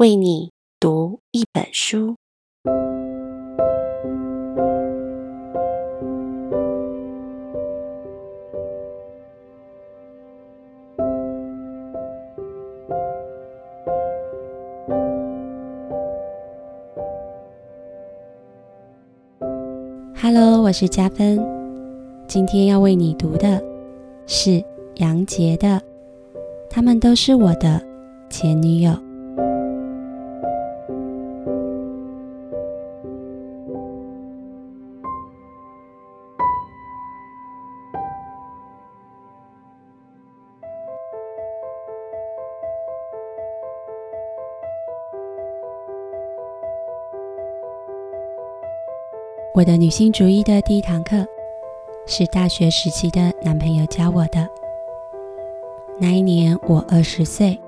為你讀一本書。Hello，我是加芬，今天要為你讀的是楊婕的。她們都是我的，前女友。我的女性主義的第一堂課是大學時期的男朋友教我的。那一年我二十歲，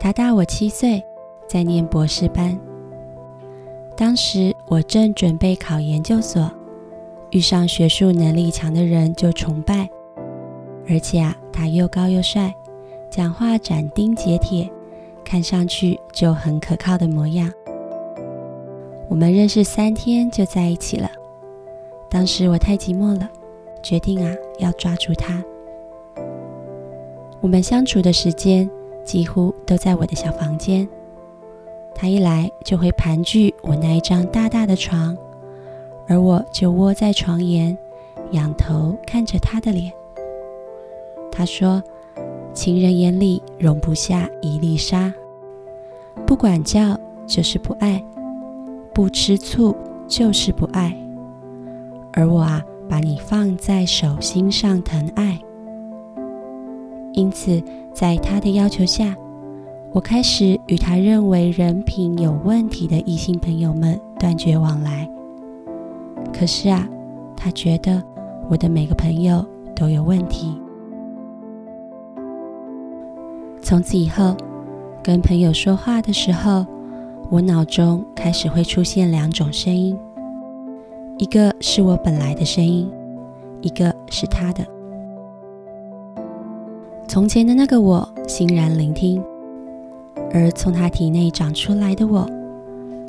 他大我七歲，在念博士班。當時我正準備考研究所，遇上學術能力強的人就崇拜，而且啊，他又高又帥，講話斬釘截鐵，看上去就很可靠的模樣。我們認識三天就在一起了。當時我太寂寞了，決定啊要抓住他。我們相處的時間幾乎都在我的小房間，他一來就會盤踞我那一張大大的床，而我就窩在床沿，仰頭看着他的臉。他說：“情人眼裡容不下一粒沙，不管教就是不愛。”不吃醋就是不愛，而我啊，把你放在手心上疼愛。因此，在他的要求下，我開始與他認為人品有問題的異性朋友們斷絕往來。可是啊，他覺得我的每個朋友都有問題。從此以後，跟朋友說話的時候，我腦中開始會出現兩種聲音，一個是我本來的聲音，一個是他的。從前的那個我欣然聆聽，而從他體內長出來的我，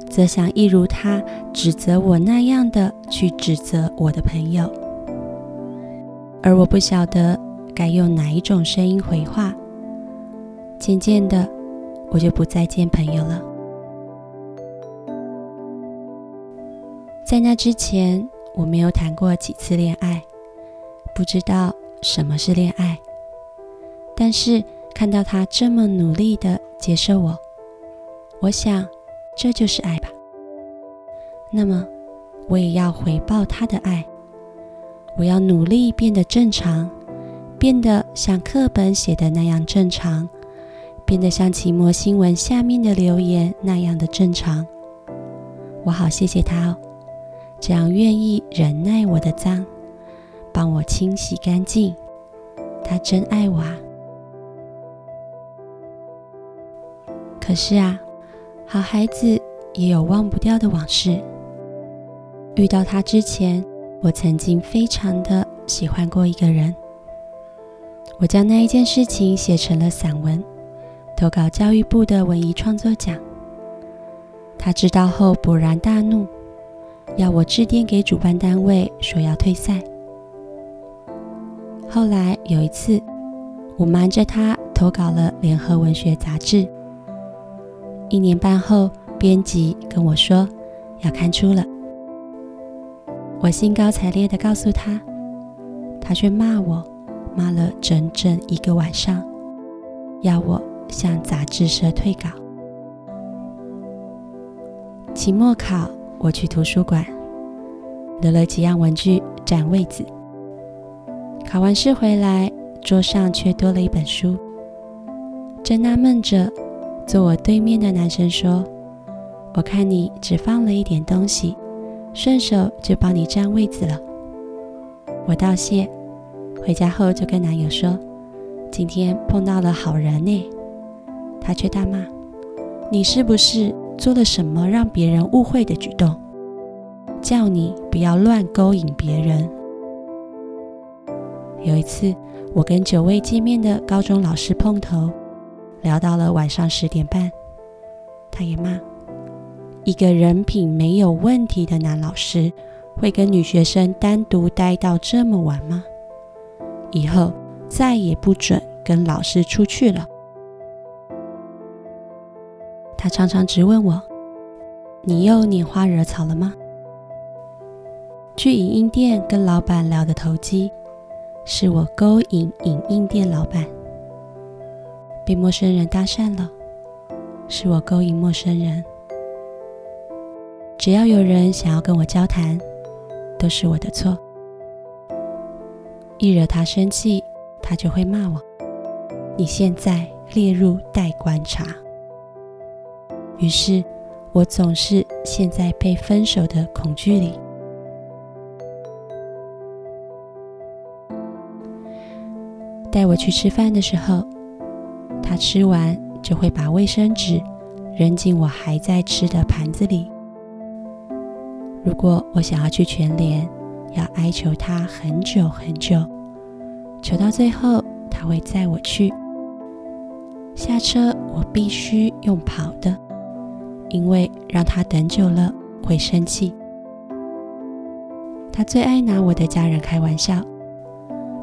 則想一如他指責我那樣的去指責我的朋友。而我不曉得該用哪一種聲音回話，漸漸的我就不再見朋友了。在那之前，我沒有談過幾次戀愛，不知道什麼是戀愛。但是看到他這麼努力地接受我，我想這就是愛吧。那麼我也要回報他的愛，我要努力變得正常，變得像課本寫的那樣正常，變得像奇摩新聞下面的留言那樣的正常。我好謝謝他哦。這樣願意忍耐我的髒，幫我清洗乾淨，他真愛我啊。可是啊，好孩子也有忘不掉的往事。遇到他之前，我曾經非常的喜歡過一個人。我將那一件事情寫成了散文，投稿教育部的文藝創作獎。他知道後，勃然大怒。要我致電給主辦單位，說要退賽。後來有一次，我瞞着他投稿了《聯合文學》雜誌。一年半後，編輯跟我說要刊出了，我興高采烈地告訴他，他卻罵我，罵了整整一個晚上，要我向雜誌社退稿。期末考。我去圖書館，留了幾樣文具占位子。考完試回來，桌上卻多了一本書。正納悶着，坐我對面的男生說：“我看你只放了一點東西，順手就幫你占位子了。”我道謝，回家後就跟男友說：“今天碰到了好人呢。”他卻大罵：“你是不是？”做了什麼讓別人誤會的舉動？叫你不要亂勾引別人。有一次，我跟久未見面的高中老師碰頭，聊到了晚上十點半。他也罵：“一個人品沒有問題的男老師，會跟女學生單獨待到這麼晚嗎？”以後再也不准跟老師出去了。他常常質問我：“你又拈花惹草了嗎？”去影音店跟老闆聊得投機，是我勾引影音店老闆；被陌生人搭訕了，是我勾引陌生人。只要有人想要跟我交談，都是我的錯。一惹他生氣，他就會罵我。你現在列入待觀察。於是我總是陷在被分手的恐懼裡。帶我去吃飯的時候，他吃完就會把衛生紙扔進我還在吃的盤子裡。如果我想要去全聯，要哀求他很久很久，求到最後他會載我去。下車，我必須用跑的。因為讓他等久了會生氣。他最愛拿我的家人開玩笑，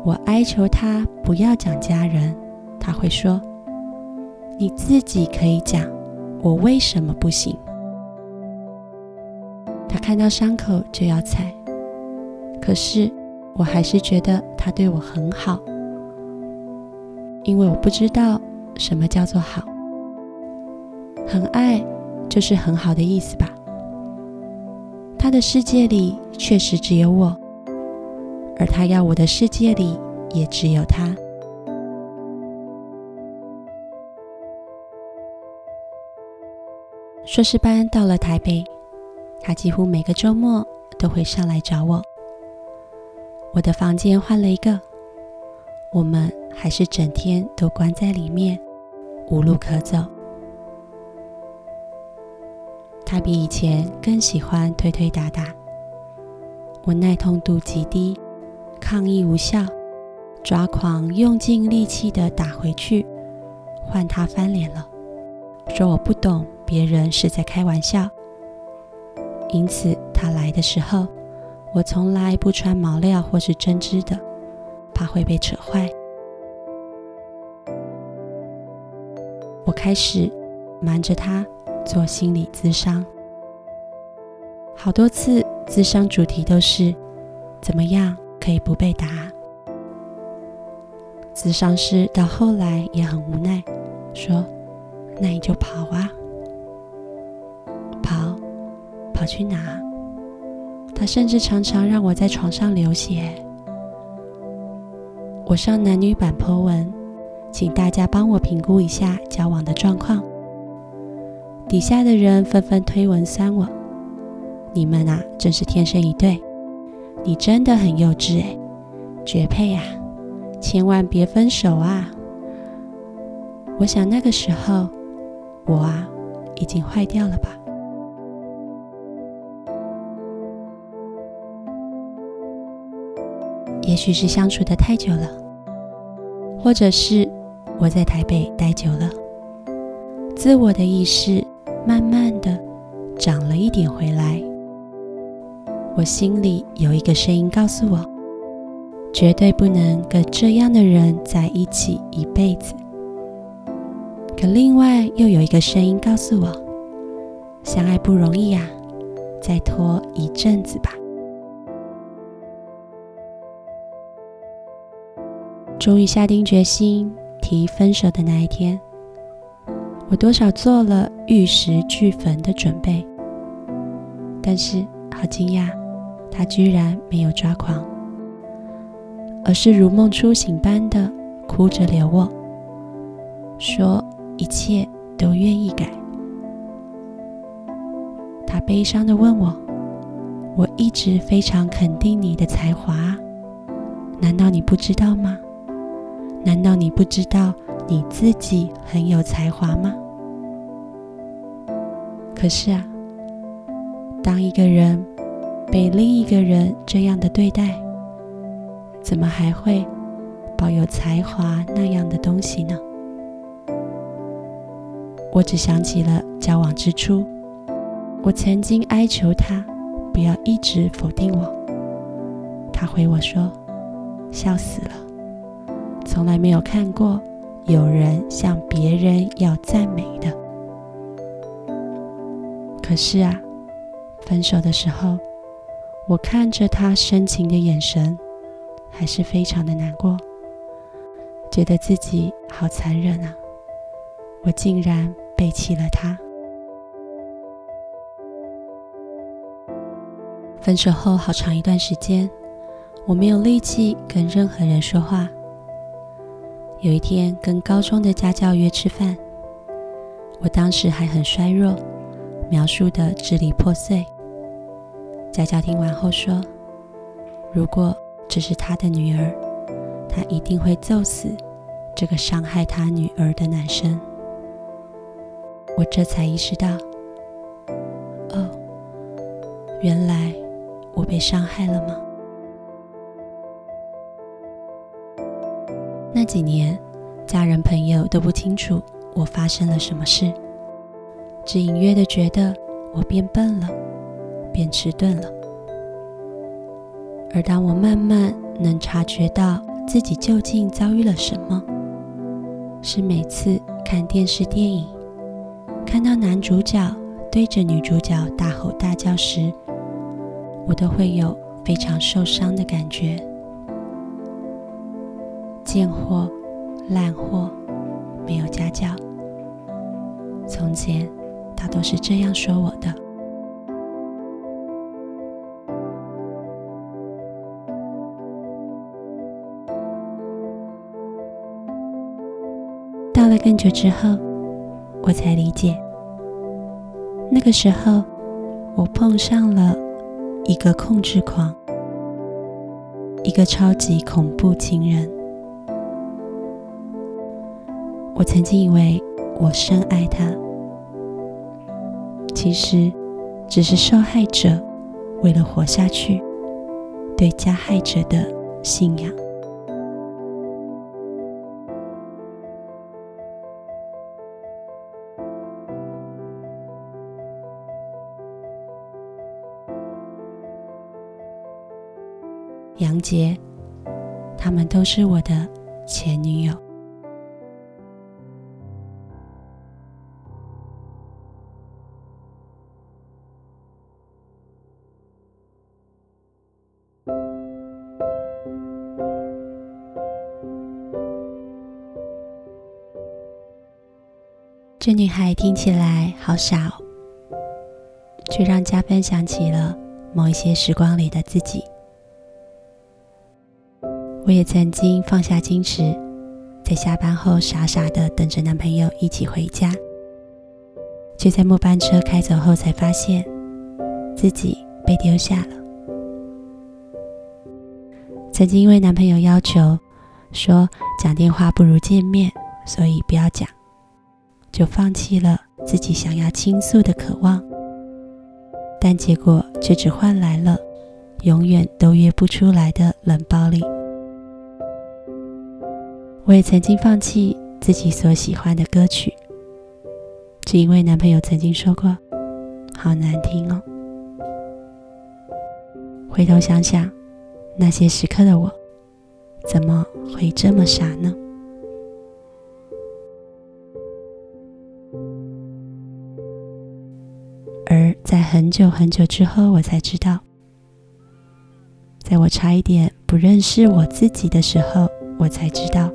我哀求他不要講家人，他會說：“你自己可以講，我為什麼不行？”他看到傷口就要踩，可是我還是覺得他對我很好，因為我不知道什麼叫做好，很愛。就是很好的意思吧。他的世界裡確實只有我，而他要我的世界裡也只有他。碩士班到了台北，他幾乎每個周末都會上來找我。我的房間換了一個，我們還是整天都關在裡面，無路可走。他比以前更喜歡推推打打，我耐痛度極低，抗議無效，抓狂用盡力氣的打回去，換他翻臉了，說我不懂，別人是在開玩笑。因此他來的時候，我從來不穿毛料或是針織的，怕會被扯壞。我開始瞞着他。做心理諮商，好多次，諮商主題都是怎麼樣可以不被打？諮商師到後來也很無奈，說：“那你就跑啊，跑，跑去哪？”他甚至常常讓我在床上流血。我上男女版 PO 文，請大家幫我評估一下交往的狀況。底下的人紛紛推文酸我，你們啊，真是天生一對，你真的很幼稚哎，絕配呀、啊，千萬別分手啊！我想那個時候，我啊，已經壞掉了吧？也許是相處的太久了，或者是我在台北待久了，自我的意識。慢慢的長了一點回來，我心裡有一個聲音告訴我，絕對不能跟這樣的人在一起一輩子。可另外又有一個聲音告訴我，相愛不容易啊，再拖一陣子吧。終於下定決心提分手的那一天。我多少做了玉石俱焚的準備，但是好驚訝，他居然沒有抓狂，而是如夢初醒般的哭着留我，說一切都願意改。他悲傷的問我，我一直非常肯定你的才華，難道你不知道嗎？難道你不知道你自己很有才華嗎？可是啊，當一個人被另一個人這樣的對待，怎麼還會保有才華那樣的東西呢？我只想起了交往之初，我曾經哀求他不要一直否定我，他回我說：“笑死了，從來沒有看過有人向別人要讚美的。”可是啊，分手的時候，我看着他深情的眼神，還是非常的難過，覺得自己好殘忍啊！我竟然背棄了他。分手後好長一段時間，我沒有力氣跟任何人說話。有一天跟高中的家教約吃飯，我當時還很衰弱。描述的支離破碎。佳佳聽完後說：“如果這是她的女兒，她一定會揍死這個傷害她女兒的男生。”我這才意識到，哦，原來我被傷害了嗎？那幾年，家人朋友都不清楚我發生了什麼事。只隱約的覺得我變笨了，變遲鈍了。而當我慢慢能察覺到自己究竟遭遇了什麼，是每次看電視電影，看到男主角對着女主角大吼大叫時，我都會有非常受傷的感覺。賤貨，爛貨，沒有家教。從前。他都是這樣說我的。到了更久之後，我才理解，那個時候我碰上了一個控制狂，一個超級恐怖情人。我曾經以為我深愛他。其實，只是受害者為了活下去，對加害者的信仰。楊婕，她們都是我的前女友。這女孩聽起來好傻哦，卻讓大家想起了某一些時光裡的自己。我也曾經放下矜持，在下班後傻傻的等着男朋友一起回家，卻在末班車開走後才發現自己被丟下了。曾經因為男朋友要求說，講電話不如見面，所以不要講。就放棄了自己想要傾訴的渴望，但結果卻只換來了永遠都約不出來的冷暴力。我也曾經放棄自己所喜歡的歌曲，只因為男朋友曾經說過“好難聽哦”。回頭想想，那些時刻的我，怎麼會這麼傻呢？很久很久之後，我才知道，在我差一點不認識我自己的時候，我才知道，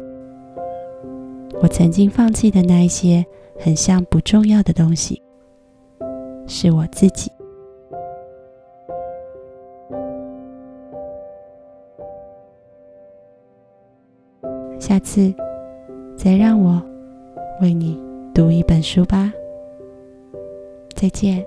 我曾經放棄的那一些很像不重要的東西，是我自己。下次再讓我為你讀一本書吧。再見。